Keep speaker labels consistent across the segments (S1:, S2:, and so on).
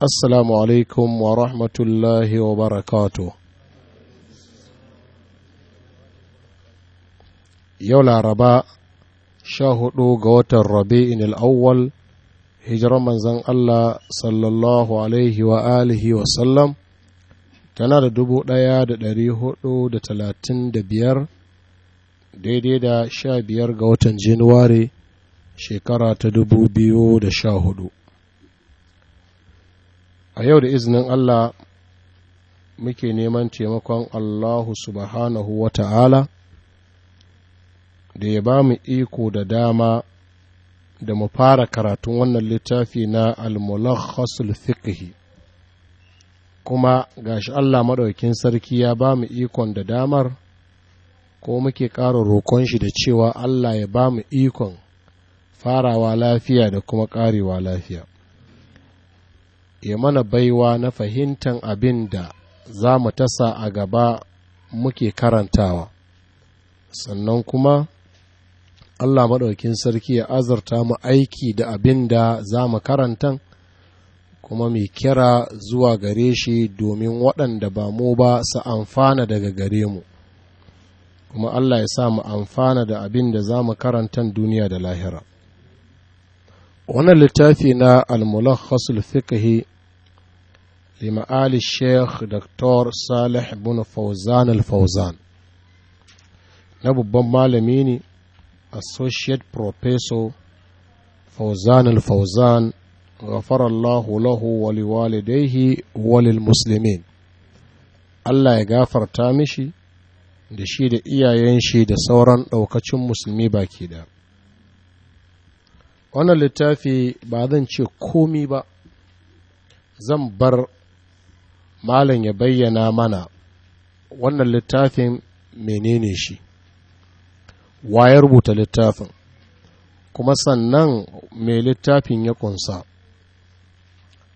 S1: assalamu alaikum wa rahmatullahi wa barakatu yau laraba sha hudu ga watan rabi'in al'awwal hijirar manzan Allah sallallahu alaihi wa alihi wa sallam tana da dubu ɗaya da ɗari hudu da talatin da biyar daidai da sha biyar ga watan januwari shekara ta dubu biyu da sha hudu a yau da izinin Allah muke neman taimakon Allahu subhanahu wa ta'ala da ya ba mu iko da dama da mu fara karatun wannan littafi na al-mulakhasul fiqhi kuma gashi Allah maɗaukin sarki ya ba mu ikon da damar ko muke ƙara roƙon shi da cewa Allah ya ba mu ikon farawa lafiya da kuma ƙarewa lafiya ya mana baiwa na fahimtan abin da za mu tasa a gaba muke karantawa sannan kuma Allah maɗaukin sarki ya azurta mu aiki da abin da za mu karantan kuma mai kira zuwa gare shi domin waɗanda ba mu ba su amfana daga gare mu kuma Allah ya sa mu amfana da abin da za mu karantan duniya da lahira. wannan littafi na al Hasul fiqhi lima'ali sheikh dr salih bin fauzan al-fauzan na babban malami ne associate professor fauzan al-fauzan غفر الله له Allah ya gafarta mishi da shi da iyayen shi da sauran ɗaukacin musulmi baki da. wannan littafi ba zan ce komi ba zan bar malam ya bayyana mana wannan littafin menene shi wa ya rubuta littafin kuma sannan mai littafin ya kunsa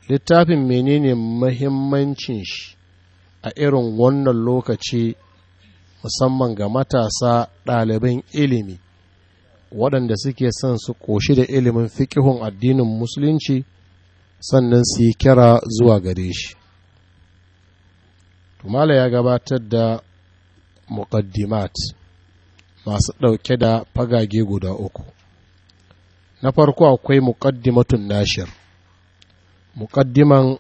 S1: littafin menene mahimmancin shi a irin wannan lokaci musamman ga matasa ɗaliban ilimi waɗanda suke son su ƙoshi da ilimin fiƙihun addinin musulunci sannan su yi kira zuwa gare shi tumala ya gabatar da muƙaddimat masu ɗauke da fagage guda uku na farko akwai muƙaddimatun nashir muƙaddiman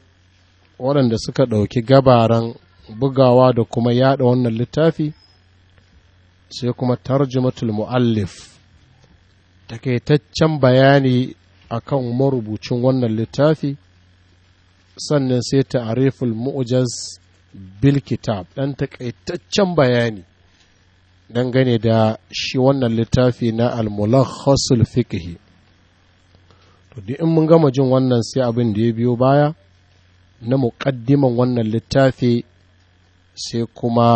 S1: waɗanda suka ɗauki gabaran bugawa da kuma yaɗa wannan littafi sai kuma tarjimatul mu'allif takaitaccen bayani a kan marubucin wannan littafi sannan sai ta'ariful mu'jaz bil kitab ɗan takaitaccen bayani dangane da shi wannan littafi na al-mulakhasul fiqhi to in mun gama jin wannan sai abin da ya biyo baya na muƙaddiman wannan littafi sai kuma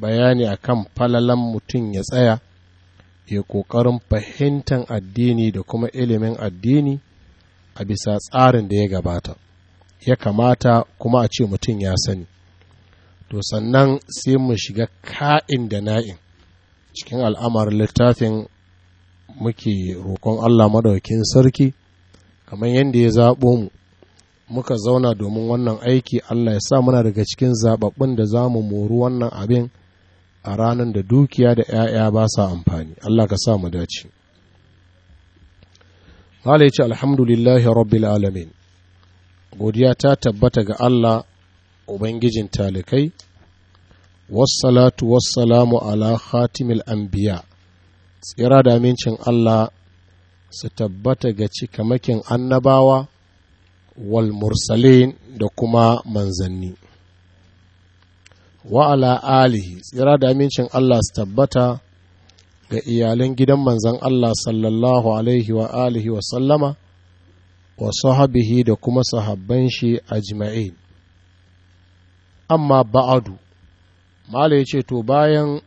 S1: bayani akan falalan mutum ya tsaya ya ƙoƙarin fahimtar addini da kuma ilimin addini a bisa tsarin da ya gabata ya kamata kuma a ce mutum ya sani to sannan sai mu shiga ka'in da na'in cikin al'amarin littafin muke roƙon allah maɗaukin sarki kamar yadda ya zaɓo mu muka zauna domin wannan aiki allah ya sa muna daga cikin zaɓaɓɓun da za mu moru wannan abin a ranar da dukiya da 'ya'ya ba sa amfani Allah ka sa mu dace Allah ya ce alhamdulillahi rabbil alamin godiya ta tabbata ga Allah ubangijin talikai wassalatu wassalamu ala khatimil anbiya tsira da amincin Allah su tabbata ga cikamakin annabawa wal mursalin da kuma manzanni Wa'ala alihi tsira da amincin Allah su tabbata ga iyalan gidan manzan Allah sallallahu alaihi wa alihi wa sallama wa sahabihi da kuma sahabban shi a jima'i. amma ba'adu mala ya ce to bayan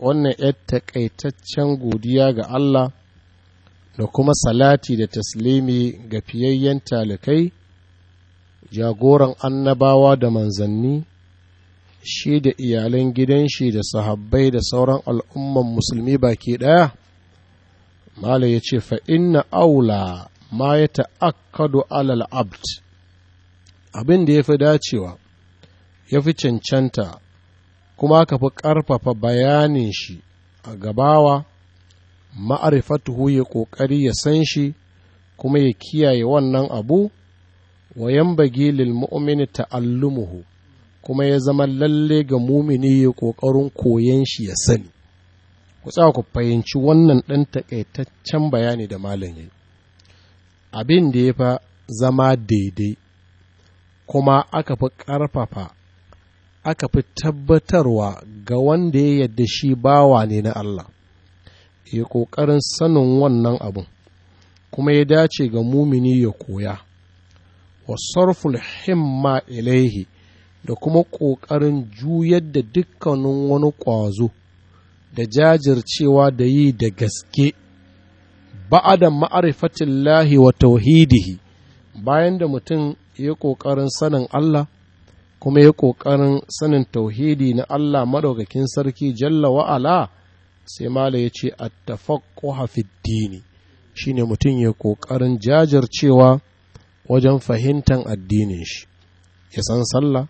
S1: wannan ‘yar taƙaitaccen godiya ga Allah da kuma salati da taslimi ga fiyayyen talikai jagoran annabawa da manzanni shi da iyalan gidan shi da sahabbai da sauran al'umman musulmi baki ɗaya mala ya ce fa inna aula ma ya ta'akkadu alal abd abin da ya fi dacewa ya fi cancanta kuma ka fi ƙarfafa bayanin shi a gabawa ma'arifatuhu ya ƙoƙari ya san shi kuma ya kiyaye wannan abu wa yambagi lil mu'mini ta'allumuhu kuma ya zama lalle ga mumini ya ƙoƙarin koyon shi ya sani ku tsawa ku fahimci wannan ɗan takaitaccen bayani da malam ya abin da ya fa zama daidai kuma aka fi ƙarfafa aka fi tabbatarwa ga wanda ya yadda shi bawa ne na Allah ya ƙoƙarin sanin wannan abin kuma ya dace ga mumini ya koya wa sarful himma ilaihi da kuma ƙoƙarin juyar da dukkanin wani ƙwazo da jajircewa da yi da gaske ba'ada ma'arifatin lahi wa tauhidihi bayan da mutum ya ƙoƙarin sanin Allah kuma ya ƙoƙarin sanin tauhidi na Allah maɗaukakin sarki jalla wa'ala sai mala ya ce a dini, shi ne mutum ya ƙoƙarin jajircewa wajen fahimtar addinin shi ya san sallah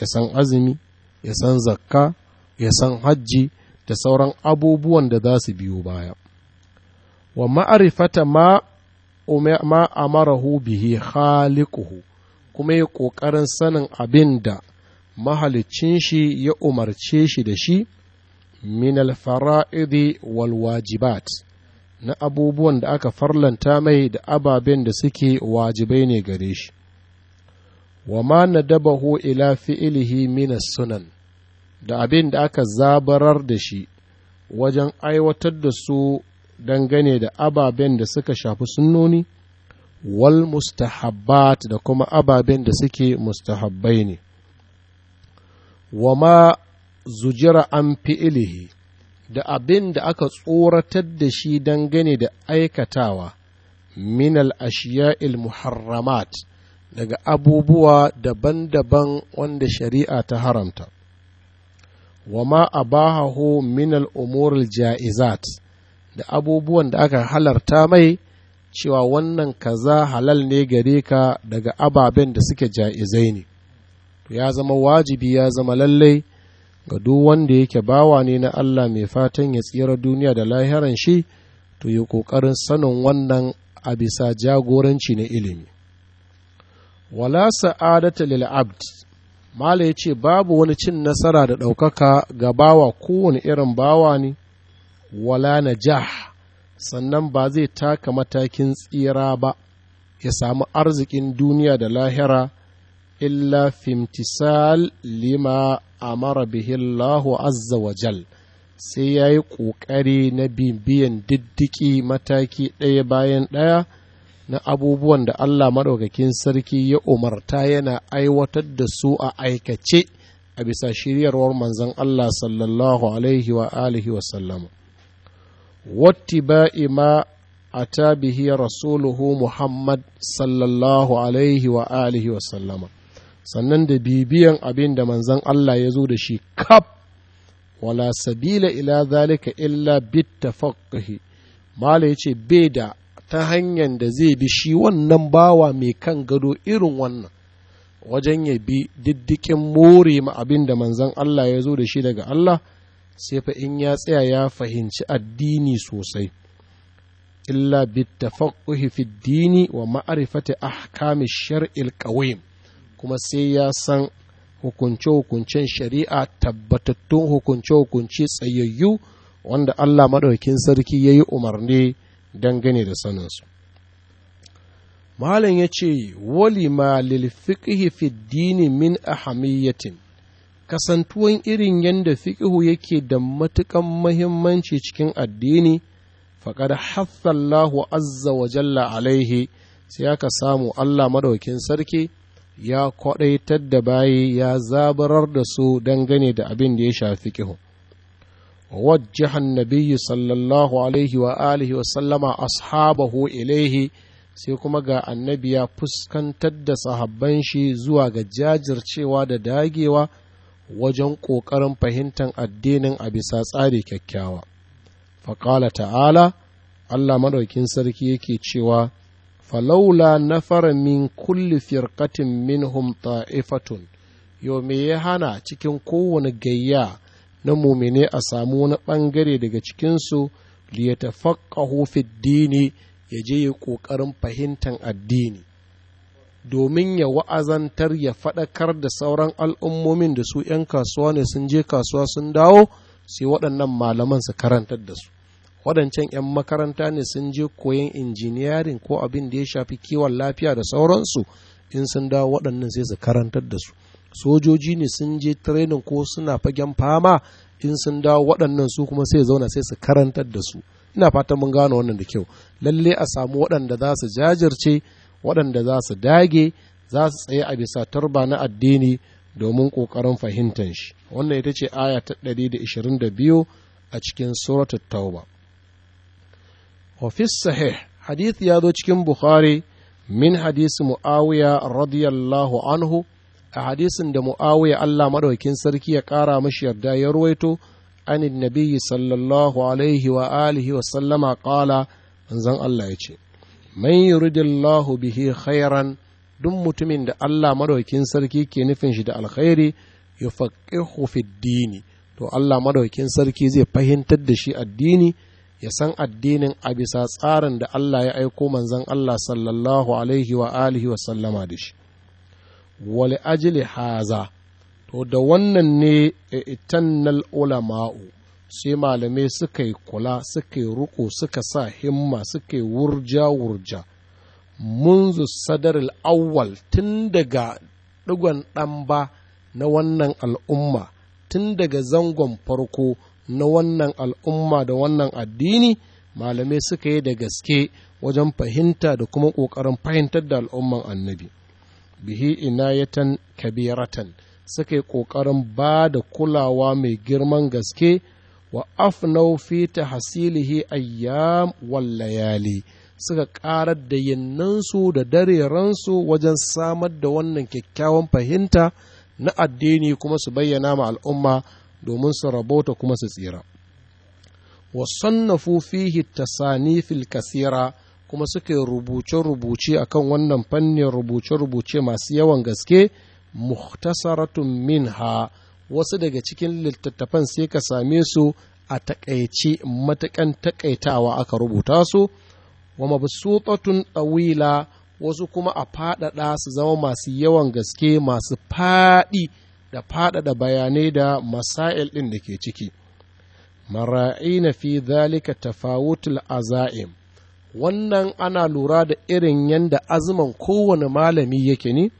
S1: ya san azumi ya san zakka ya san hajji da sauran abubuwan da za su biyo baya wa ma'arifata ma ma amarahu bihi khaliquhu kuma ya ƙoƙarin sanin abin da mahalicin shi ya umarce shi da shi min alfara'idi wal wajibat na abubuwan da aka farlanta mai da ababen da suke wajibai ne gare shi wa ma nadabahu ila fi'ilihi min sunan da abin da aka zabarar da shi wajen aiwatar da su dangane da ababen da suka shafi sunnoni wal mustahabbat da kuma ababen da suke mustahabbai ne wa ma zujira an fi'ilihi da abin da aka tsoratar da shi dangane da aikatawa minal ashiya'il muharramat daga abubuwa daban-daban wanda shari'a ta haramta wa ma abahahu min al’umur ja'izat da abubuwan da aka halarta mai cewa wannan kaza halal ne gare ka daga ababen da suke ja'izai ne ya zama wajibi ya zama lallai ga duk wanda yake bawa ne na Allah mai fatan ya tsira duniya da lahiran shi to yi ƙoƙarin sanin wannan a bisa jagoranci na ilimi wala sa'adata lil abd mala yace babu wani cin nasara da ɗaukaka ga bawa kowane irin bawa ne wala najah sannan ba zai taka matakin tsira ba ya samu arzikin duniya da lahira illa fimtisal lima amara bihillahu azza wa jal sai ya yi ƙoƙari na bibiyan diddiki mataki ɗaya bayan ɗaya na abubuwan da Allah maɗaukakin sarki ya umarta yana aiwatar da su a aikace a bisa shiryarwar manzon Allah sallallahu alaihi wa alihi wa sallama wattiba'i ma a bihi rasuluhu Muhammad sallallahu alaihi wa alihi wa sallama sannan da bibiyan abin da manzon Allah ya zo da shi kaf wala sabila ila zalika illa bittafaqhi mala yace bai da ta hanyar da zai bi shi wannan bawa mai kan gado irin wannan wajen ya bi diddikin more ma abin da manzan Allah ya zo da shi daga Allah sai fa in ya tsaya ya fahimci addini sosai illa tafaqquhi fi dini wa ma'rifati ahkami shar'il qawim kuma sai ya san hukunce-hukuncen shari'a tabbatattun hukunce-hukunce tsayayyu wanda Allah maɗaukin sarki yayi umarni dangane da saninsu malam ya ce wali ma lilfiƙihi fi dini min ahamiyyatin kasantuwan irin yadda fiƙihu yake da matuƙan mahimmanci cikin addini faƙar hassallahu azza wa jalla alaihi sai aka samu allah maɗaukin sarki ya kwaɗaitar da bayi ya zabarar da su dangane da abin da ya shafi fiƙihu وجه النبي صلى الله عليه sai kuma ga annabi ya fuskantar da sahabban shi zuwa ga jajircewa da dagewa wajen ƙoƙarin fahimtar addinin a bisa tsari kyakkyawa faƙala ta'ala allah maɗaukin sarki yake cewa falaula nafara min kulli firqatin minhum ta'ifatun yau me ya hana cikin kowane gayya na mumine a samu wani ɓangare daga cikinsu liyata faƙahu dini ya je ya ƙoƙarin fahimtar addini domin ya wa'azantar ya faɗakar da sauran al'ummomin da su ‘yan kasuwa ne sun je kasuwa sun dawo sai waɗannan malaman su karantar da su waɗancan ‘yan makaranta ne sun je koyon injiniyarin ko abin da ya shafi kiwon lafiya da sauransu in sun dawo waɗannan sai su karantar da su sojoji ne sun je training ko suna fagen fama in sun dawo waɗannan su kuma sai zauna sai su karantar da su ina fata mun gano wannan da kyau lalle a samu waɗanda za su jajirce waɗanda za su dage za su tsaye a bisa turba na addini domin ƙoƙarin fahimtar shi wannan ita ce aya ta 122 a cikin suratul tauba ofis sahih hadith ya zo cikin bukhari min hadisi muawiya radiyallahu anhu a hadisin da mu'awiya Allah maɗaukin sarki ya ƙara mashi yarda ya ruwaito an nabiyyi sallallahu alaihi wa alihi wa sallama ƙala manzon Allah ya ce man yuridillahu bihi khairan duk mutumin da Allah maɗaukin sarki ke nufin shi da alkhairi yufaqihu fid dini to Allah maɗaukin sarki zai fahimtar da shi addini ya san addinin a bisa tsarin da Allah ya aiko manzon Allah sallallahu alaihi wa alihi wa sallama da shi wali ajili haza to da wannan ne itannal e, e, ulama'u sai malamai suka yi kula suka yi ruko suka sa himma suka yi wurja-wurja munzu sadar al'awwal tun daga digon ɗan ba na wannan al'umma tun daga zangon farko na wannan al'umma da wannan addini malamai suka yi da gaske wajen fahimta da kuma ƙoƙarin fahimtar da al'umman annabi bihi inayatan kabiratan suka yi ƙoƙarin ba da kulawa mai girman gaske wa afnau fi tahsilihi ayyam wallayali suka ƙarar da yinnansu da dareransu wajen samar da wannan kyakkyawan fahimta na addini kuma su bayyana ma al'umma domin su rabota kuma su tsira wa sannafu fihi tasanifil kasira kuma suka yi rubuce-rubuce a kan wannan fannin rubuce-rubuce masu yawan gaske muhtasaratun minha wasu daga cikin littattafan sai ka same su a taƙaice matakan takaitawa aka rubuta su wa mabsutatun ɗawila wasu kuma a faɗaɗa su zama masu yawan gaske masu faɗi da faɗaɗa bayanai da masail ɗin da ke ciki mara'ina fi zalika tafawutul azaim wannan ana lura da irin yadda azuman kowane malami yake ne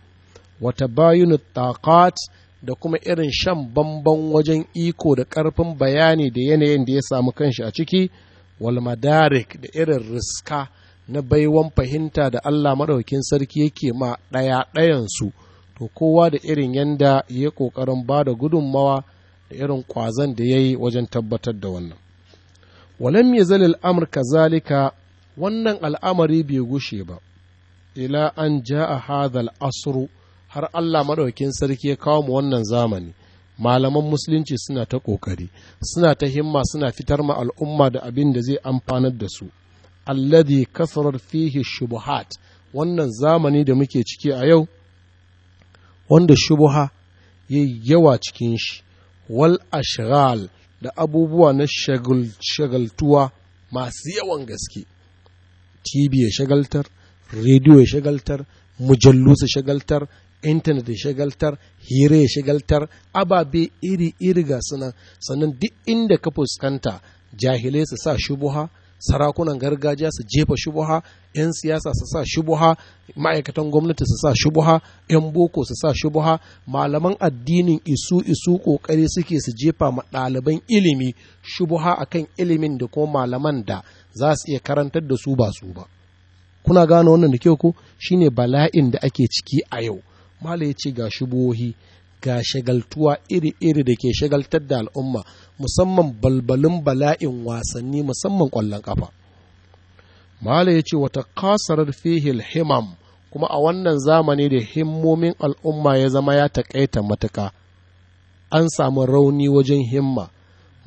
S1: wata bayun taqat da kuma irin shan bamban wajen iko da ƙarfin bayani da yanayin da ya samu kanshi a ciki wal madarik da irin riska na baiwan fahimta da Allah maɗaukin sarki yake ma ɗaya ɗayansu to kowa da irin yanda ya ƙoƙarin ba da gudunmawa da irin ƙwazon da ya yi wajen tabbatar da wannan walam ya zalil Amurka zalika? wannan al'amari bai gushe ba ila an ja a hadal asru har Allah maɗaukin sarki ya kawo mu wannan zamani malaman musulunci suna ta ƙoƙari suna ta himma suna fitar ma al'umma da abin da zai amfanar da su alladhi kasarar fihi shubuhat wannan zamani da muke ciki a yau wanda shubuha ya yawa cikin shi wal ashghal da abubuwa na shagaltuwa masu yawan gaske tv ya shagaltar rediyo ya shagaltar mujallu su shagaltar intanet ya shagaltar hira ya shagaltar ababe iri iri ga suna sannan duk inda ka fuskanta jahilai su sa shubuha sarakunan gargajiya su jefa shubuha yan siyasa su sa shubuha ma'aikatan gwamnati su sa shubuha yan boko su sa shubuha malaman addinin isu isu kokari suke su jefa ma ɗaliban ilimi shubuha akan ilimin da kuma malaman da za su iya karantar da su ba su ba kuna gane wannan da kyau ko shine bala'in da ake ciki a yau mala ya ce ga shubuhohi ga shagaltuwa iri-iri da ke shagaltar da al'umma musamman balbalin bala'in wasanni musamman ƙwallon ƙafa mala ya ce wata kasarar fihil himam kuma a wannan zamani da himmomin al'umma ya zama ya taƙaita matuka an samu rauni wajen himma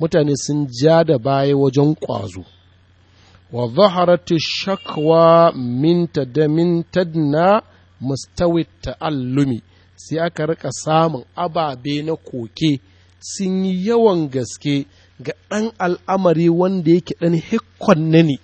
S1: mutane sun ja da baya wajen ƙwazo wa zaharatu shakwa min tadna mustawit ta'allumi sai aka rika samun ababe na koke sun yi yawan gaske ga ɗan al'amari wanda yake ɗan hikkonne ne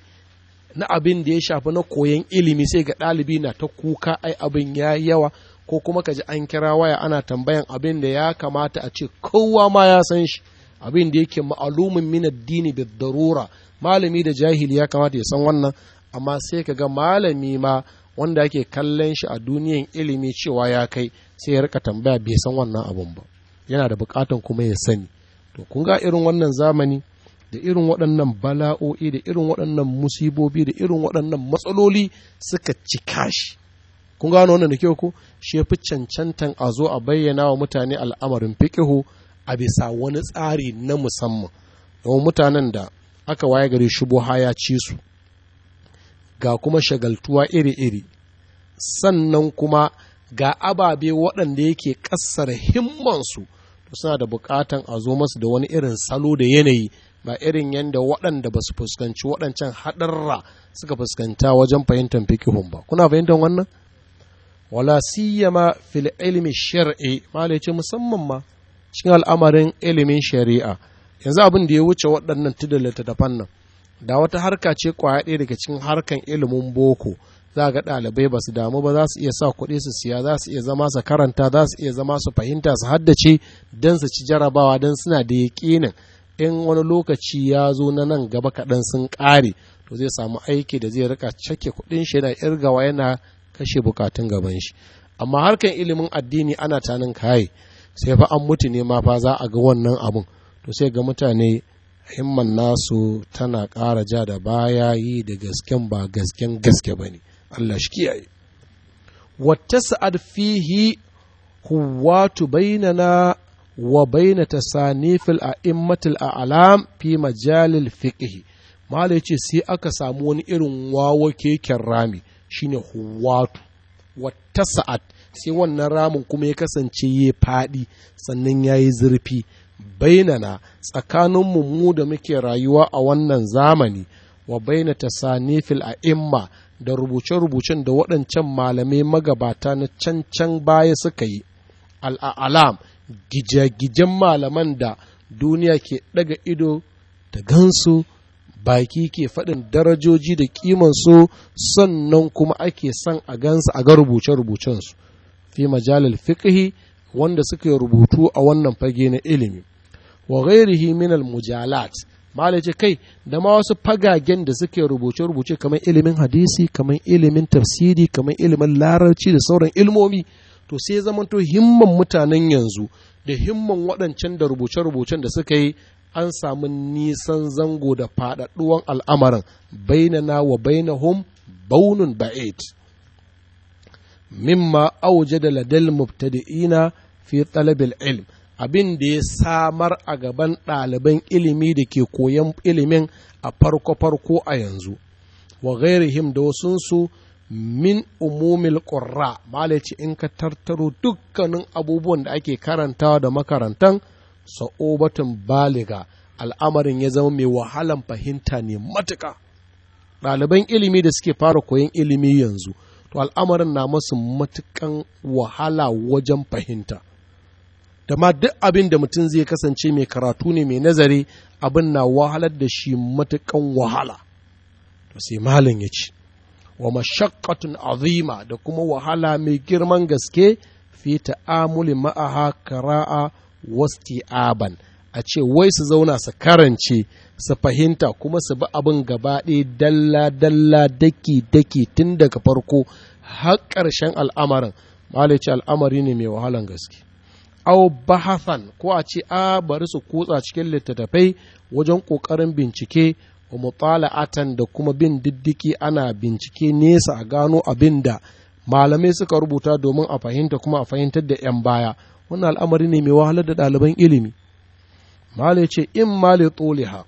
S1: na abin da ya shafi na koyon ilimi sai ga ɗalibi na ta kuka ai abin ya yawa ko kuma ka ji an kira waya ana tambayan abin da ya kamata a ce kowa ma ya san shi abin da yake ma'alumin minaddini dini da darura malami da jahili ya kamata ya san wannan amma sai ka ga malami ma wanda ake kallon shi a duniyan ilimi cewa ya kai sai ya rika tambaya bai san wannan abun ba yana da bukatan kuma ya sani to kun ga irin wannan zamani da irin waɗannan bala'o'i da irin waɗannan musibobi da irin waɗannan matsaloli suka cika shi kun gano wannan da kyau ko shi ya fi cancantan a zo a bayyana wa mutane al'amarin fiƙihu a bisa wani tsari na musamman don mutanen da aka waye gari shubuha ya ci su ga kuma shagaltuwa iri-iri sannan kuma ga ababe waɗanda yake ƙasar himmansu to suna da buƙatan a zo masu da wani irin salo da yanayi ba irin yadda waɗanda ba su fuskanci waɗancan haɗarra suka fuskanta wajen fahimtar fikihun ba kuna fahimtar wannan wala siyama fil ilmi shar'i mala ce musamman ma cikin al'amarin ilimin shari'a yanzu abin da ya wuce waɗannan tudun littattafan nan da wata harka ce kwaya ɗaya daga cikin harkan ilimin boko za ga ɗalibai ba su damu ba za su iya sa kuɗi su siya za su iya zama su karanta za su iya zama su fahimta su haddace don su ci jarabawa don suna da yaƙinin in wani lokaci ya zo na nan gaba kaɗan sun ƙare to zai samu aiki da zai rika cake kuɗin shi yana irgawa yana kashe bukatun gaban shi amma harkan ilimin addini ana tanin kayi sai fa an mutu ne ma fa za a ga wannan abun to sai ga mutane himman nasu tana ƙara ja da baya yi da gasken ba gasken gaske ba ne Allah shi kiyaye wata sa'ad fihi huwatu bainana wa baina tasanifil a immatil a'lam fi majalil fiqh mala yace sai aka samu wani irin wawo keken rami shine huwatu wata sa'ad sai wannan ramin kuma ya kasance ya faɗi sannan ya yi zurfi bainana tsakaninmu mu da muke rayuwa a wannan zamani wa baina tasanifil a'imma da rubuce-rubucen da waɗancan malamai magabata na cancan baya suka yi al'alam gijagijen malaman da duniya ke ɗaga ido da gansu baki ke faɗin darajoji da kimansu sannan kuma ake son a gansu a ga rubuce-rubucensu fi majalil fiƙihi wanda suka rubutu a wannan fage na ilimi wa ghairihi min al-mujalat ce kai da ma wasu fagagen da suke rubuce-rubuce kamar ilimin hadisi kamar ilimin tafsiri kamar ilimin larabci da sauran ilmomi to sai zamanto himman mutanen yanzu da himman waɗancan da rubuce-rubucen da suka yi an samu nisan zango da faɗaɗuwan al'amarin bainana wa bainahum baunun ba'id mimma auje da ladal mubtadi'ina fi talabil ilm abin da ya samar a gaban ɗaliban ilimi da ke koyan ilimin a farko-farko a yanzu wa ghairihim da wasunsu min umumil ƙurra malaci in ka tattaro dukkanin abubuwan da ake karantawa da makarantan sa'obatin baliga al'amarin ya zama mai wahalan fahimta ne matuka ɗaliban ilimi da suke fara koyan ilimi yanzu to al'amarin na masu matukan wahala wajen fahimta da ma duk abin da mutum zai kasance mai karatu ne mai nazari abin na wahalar da shi matukan wahala to sai malin ya ce wa mashakkatun azima da kuma wahala mai girman gaske fi ta'amuli ma'aha kara'a aban a ce wai su zauna su karance su fahimta kuma su bi abin gaba ɗaya dalla dalla daki daki tun daga farko har ƙarshen al'amarin malice al'amari ne mai wahalan gaske au bahathan ko a ce a bari su kutsa cikin littattafai wajen ƙoƙarin bincike wa mutala'atan da kuma bin diddiki ana bincike nesa a gano abin da malamai suka rubuta domin a fahimta kuma a fahimtar da 'yan baya wannan al'amari ne mai wahalar da ɗaliban ilimi malai ce in mali tsoliha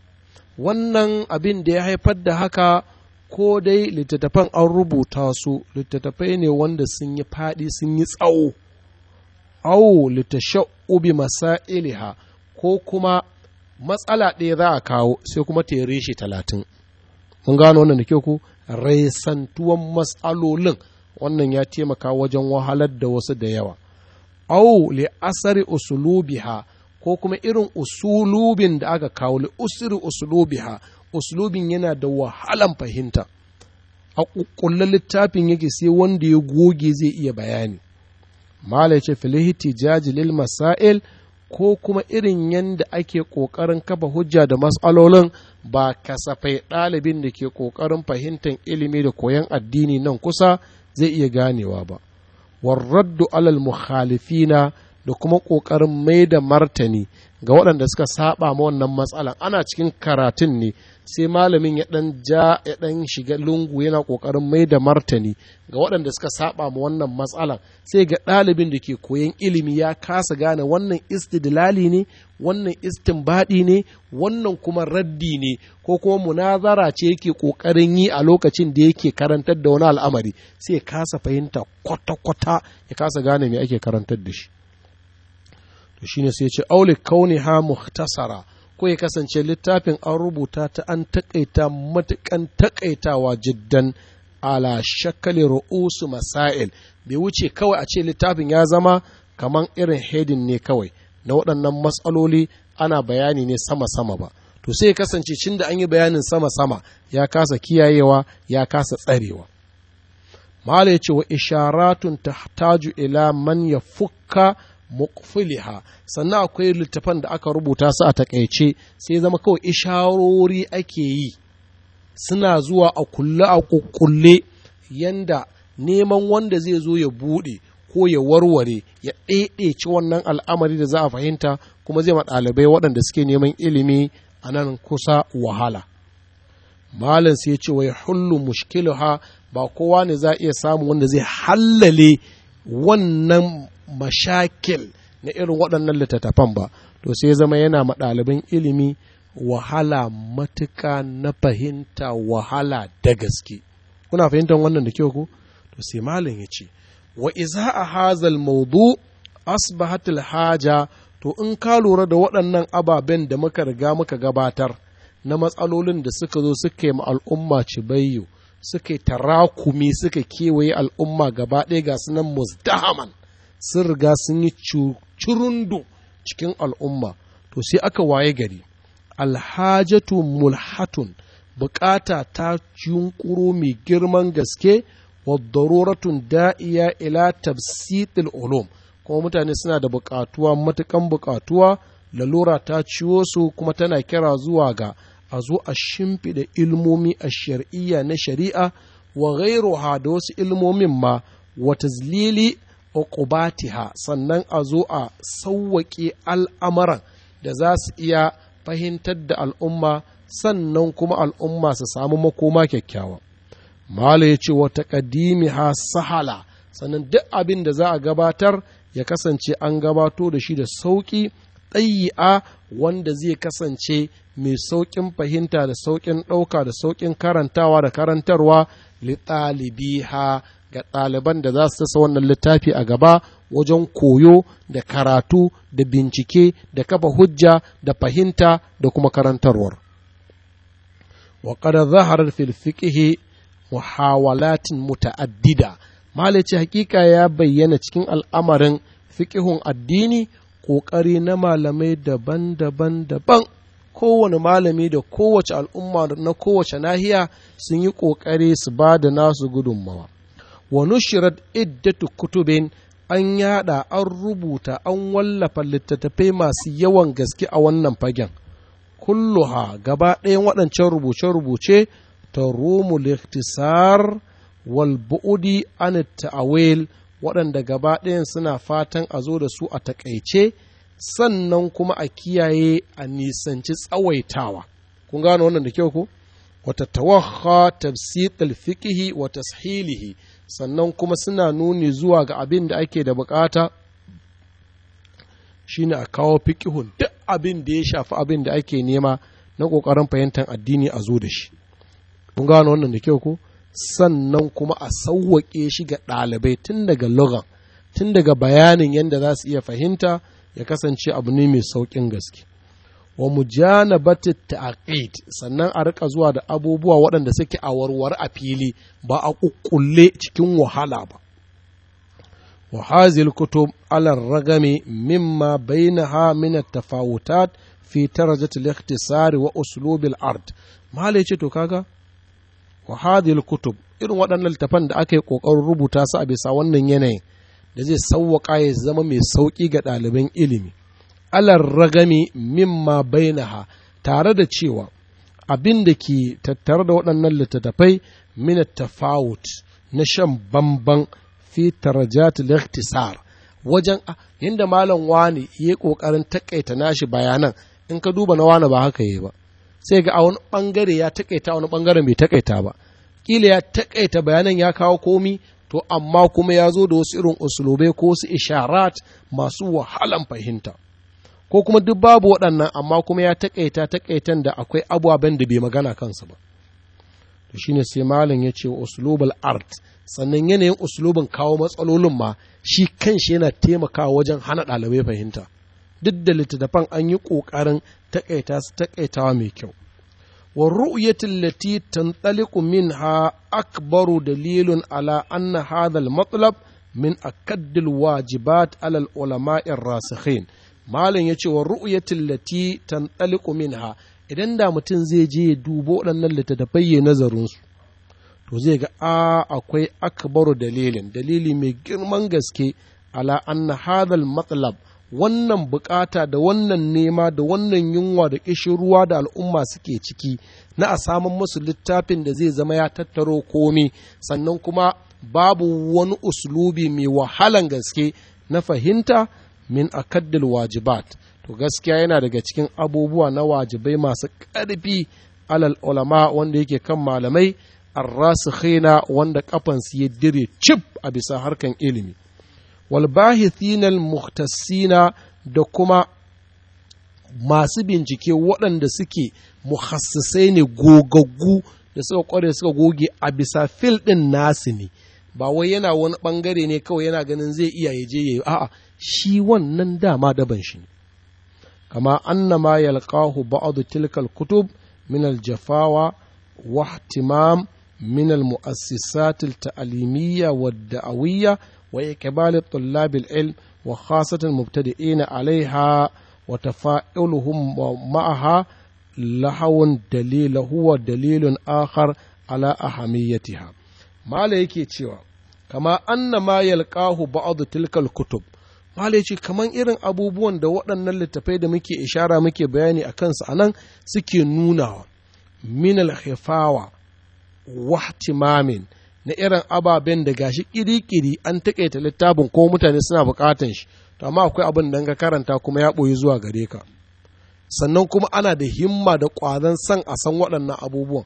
S1: wannan abin da ya haifar da haka ko dai littattafan an rubuta su littattafai ne wanda sun yi faɗi sun yi tsawo au litasha'ubi masailiha ko kuma matsala ɗaya za a kawo sai kuma ta shi talatin mun gano wannan da kyau ku resantuwan matsalolin wannan ya taimaka wajen wahalar da wasu da yawa au li asari usulubiha ko kuma irin usulubin da aka kawo li usiri usulubiha usulubin yana da wahalan fahimta a ƙulla littafin yake sai wanda ya goge zai iya bayani mala ce filihiti lil masail ko kuma irin yadda ake ƙoƙarin kafa hujja da matsalolin ba kasafai ɗalibin da ke ƙoƙarin fahimtar ilimi da koyon addini nan kusa zai iya ganewa ba warraddu alal muhalifina da kuma ƙoƙarin mai da martani ga waɗanda suka saba ma wannan matsalan ana cikin karatun ne sai malamin ya ɗan ja ya ɗan shiga lungu yana ƙoƙarin mai da martani ga waɗanda suka saba ma wannan matsalan sai ga ɗalibin da ke koyan ilimi ya kasa gane wannan istidlali ne wannan istinbadi ne wannan kuma raddi ne ko kuma munazara ce yake ƙoƙarin yi a lokacin da yake karantar da wani al'amari sai kasa fahimta kwata-kwata ya kasa gane me ake karantar da shi to shine sai ce aule kauni ha muhtasara ko ya kasance littafin an rubuta ta an takaita matukan takaitawa jiddan ala shakali ru'usu masail bai wuce kawai a ce littafin ya zama kaman irin hedin ne kawai na waɗannan matsaloli ana bayani ne sama-sama ba to sai ya kasance cin da an yi bayanin sama-sama ya kasa kiyayewa ya kasa tsarewa mala ya ce wa isharatun tahtaju ila man ya fukka mukfiliha sannan akwai littafan da aka rubuta su a takaice sai zama kawai isharori ake yi suna zuwa a kulle a kukkulle yanda neman wanda zai zo ya buɗe ko ya warware ya ɗaiɗaici wannan al'amari da za a fahimta kuma zai ma ɗalibai waɗanda suke neman ilimi a nan kusa wahala malam sai ya ce wai hullu mushkiluha ba kowa ne za a iya samun wanda zai hallale wannan mashakil na irin waɗannan littattafan ba to sai zama yana ma ɗaliban ilimi wahala matuka na fahimta wahala da gaske kuna fahimtar wannan da kyau ku to sai malam ya ce wa iza a hazal maudu asbahatul haja to in ka lura da waɗannan ababen da muka riga muka gabatar na matsalolin da suka zo suka yi al'umma bayyo suka yi tarakumi suka kewaye al'umma gaba ɗaya ga sunan musdahaman sun riga sun yi curundu cikin al'umma to sai aka waye gari alhajatu mulhatun bukata ta yunkuro mai girman gaske wa daruratun da'iya ila tafsitil ulum kuma mutane suna da bukatuwa matukan bukatuwa lalura ta ciwo su kuma tana kira zuwa ga a zo a shimfiɗa ilmomi a shari'a na shari'a wa ghairuha da wasu ilmomin ma wa tazlili uqubatiha sannan a zo a sauwaƙe al'amuran da za su iya fahimtar da al'umma sannan kuma al'umma su samu makoma kyakkyawa mala ya ce wata ha sahala sannan duk abin da za a gabatar ya kasance an gabato da shi da sauƙi ɗayi'a wanda zai kasance mai sauƙin fahimta da sauƙin ɗauka da sauƙin karantawa da karantarwa li ɗalibiha ga ɗaliban da za su tasa wannan littafi a gaba wajen koyo da karatu da bincike da kafa hujja da fahimta da kuma karantarwar wa zaharar filfiƙihi fil muhawalatin muta'addida malaci hakika ya bayyana cikin al'amarin fiƙihun addini ƙoƙari na malamai daban-daban daban kowane malami da kowace al'umma na kowace nahiya sun yi ƙoƙari su ba da nasu gudunmawa wa nushirat iddatu kutubin an yada an rubuta an wallafa littattafai masu yawan gaske a wannan fagen kulluha gaba ɗaya waɗancan rubuce-rubuce ta rumu liktisar wal bu'udi an ta'awil waɗanda gaba ɗayan suna fatan a zo da su a takaice sannan kuma a kiyaye a nisanci tsawaitawa kun gano wannan da kyau ko wata tawakha tafsir al wa tashilihi sannan kuma suna nuni zuwa ga abin da ake da bukata ne a kawo fikihun duk abin da ya shafi abin da ake nema na ƙoƙarin fahimtar addini a zo da shi mun gano wannan da kyau ko sannan kuma a sauwaƙe shi ga ɗalibai tun daga lugan tun daga bayanin yadda za su iya fahimta ya kasance abu ne mai sauƙin gaske wa mujanabati ta'aqid sannan a rika zuwa da abubuwa waɗanda suke a warware a fili ba a kukkulle cikin wahala ba wa hazil kutub ala ragami mimma bainaha min at-tafawutat fi darajati al-ikhtisari wa uslub al-ard malai ce to kaga wa hadhihi kutub irin waɗannan littafan da aka yi ƙoƙarin rubuta su a bisa wannan yanayin da zai sauwaƙa ya zama mai sauƙi ga ɗaliban ilimi alar ragami min mimma bainaha tare da cewa abin da ke tattare da waɗannan littattafai mina tafawut na shan bamban fi tarajat liktisar wajen ah, yadda malam wani ya ƙoƙarin takaita nashi bayanan in ka duba na wani ba haka yi ba sai ga a wani ɓangare ya takaita wani ɓangaren bai takaita ba kila ya takaita bayanan ya kawo komi to amma kuma ya zo da wasu irin usulubai ko wasu isharat masu wahalan fahimta ko kuma duk babu waɗannan amma kuma ya taƙaita taƙaitan da akwai abubuwan da bai magana kansu ba to shine sai malam ya ce uslubul art sannan yanayin uslubin kawo matsalolin ma shi kanshi yana taimakawa wajen hana ɗalibai fahimta duk da littattafan an yi ƙoƙarin taƙaita su taƙaitawa mai kyau والرؤية التي تنطلق dalilun ala دليل على أن matlab min akaddil wajibat ala alal ulama'ir rasikhin Malam ya ce wa ru'yatil lati tantaliqu minha idan da mutum zai je ya dubo waɗannan littattafai ya nazarinsu, to zai ga a akwai akbaru dalilin dalili mai girman gaske ala anna hadhal matlab wannan bukata da wannan nema da wannan yunwa da ruwa da al'umma suke ciki na a samun musu littafin da zai zama ya tattaro komi sannan kuma babu wani uslubi mai wahalan gaske na fahimta min akaddil wajibat to gaskiya yana daga cikin abubuwa na wajibai masu ƙarfi alal ulama wanda yake kan malamai arrasikhina wanda kafansu ya dire cip a bisa harkan ilimi wal thinal muhtasina da kuma masu bincike waɗanda suke muhassasai ne gogaggu da suka kware suka goge a bisa fil ɗin nasu ne ba wai yana wani ɓangare ne kawai yana ganin zai iya yaje je ya a'a shi wannan dama daban shi kama annama yalqahu ba'du tilkal kutub min aljafawa wa ihtimam min almu'assisat alta'limiyya da'awiyya, wa iqbal tullab ilm wa khasatan mubtadi'in 'alayha wa tafa'uluhum ma'aha lahawun dalil huwa dalilun akhar ala ahamiyatiha mala yake cewa kama annama yalqahu ba'du tilkal kutub Malai ce kamar irin abubuwan da waɗannan littafai da muke ishara muke bayani a kansu a nan suke nunawa minal hifawa wahtimamin na irin ababen da gashi kiri an taƙaita littafin ko mutane suna buƙatan shi to amma akwai abin da ka karanta kuma ya ɓoyi zuwa gare ka sannan kuma ana da himma da ƙwazon san a san waɗannan abubuwan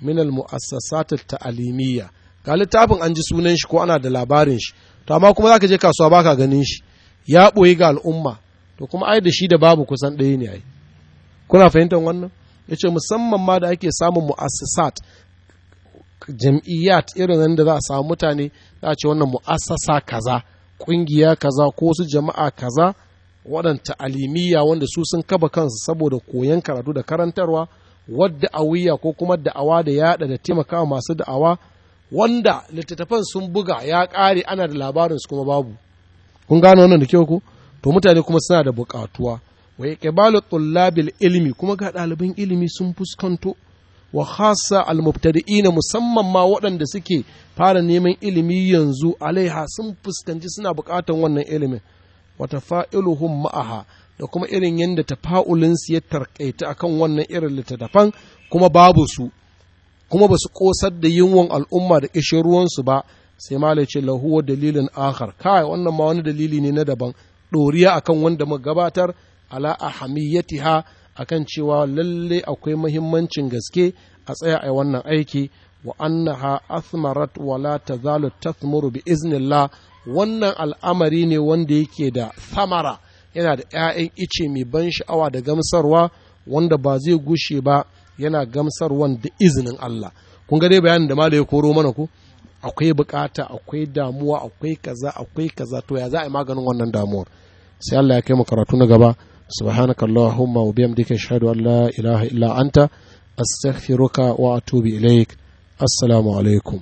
S1: minal mu'assasat ta'alimiyya ga littafin an ji sunan shi ko ana da labarin shi to amma kuma zaka je kasuwa baka ganin shi ya ɓoye ga al'umma to kuma ai da shi da babu kusan ɗaya ne ai kuna fahimtar wannan ya ce musamman ma da ake samun mu'assasat jam'iyyat irin nan da za a samu mutane za a ce wannan mu'assasa kaza ƙungiya kaza ko su jama'a kaza waɗanta alimiyya wanda su sun kaba kansu saboda koyon karatu da karantarwa wadda awiya ko kuma da'awa da yaɗa da taimakawa masu da'awa wanda littattafan sun buga ya ƙare ana da labarinsu kuma babu kun gano wannan da kyau ko to mutane kuma suna da bukatuwa wa iqbalu tullabil ilimi kuma ga ɗaliban ilimi sun fuskanto wa khassa al mubtadi'ina musamman ma waɗanda suke fara neman ilimi yanzu alaiha sun fuskanci suna buƙatan wannan ilimin wa tafa'iluhum ma'aha da kuma irin yadda tafa'ulinsu ya tarkaita akan wannan irin littattafan kuma babu su kuma ba su ƙosar da yunwan al'umma da ruwan ruwansu ba sai malai ce lahuwa dalilin akhar kai wannan ma wani dalili ne na daban doriya akan wanda mu gabatar ala ahamiyatiha akan cewa lalle akwai mahimmancin gaske a tsaya a wannan aiki wa annaha athmarat wa la tazalu tathmuru bi iznillah wannan al'amari ne wanda yake da samara yana da ‘ya'yan ice mai ban sha'awa da gamsarwa wanda ba zai gushe ba yana gamsarwan da izinin Allah kun ga dai bayanin da malai ya koro mana ku akwai bukata akwai damuwa akwai kaza akwai kaza to ya za a yi maganin wannan damuwar sai Allah ya kai mu karatu na gaba subhanaka allahumma wa bihamdika ashhadu an la ilaha illa anta astaghfiruka wa atubu ilaik assalamu alaikum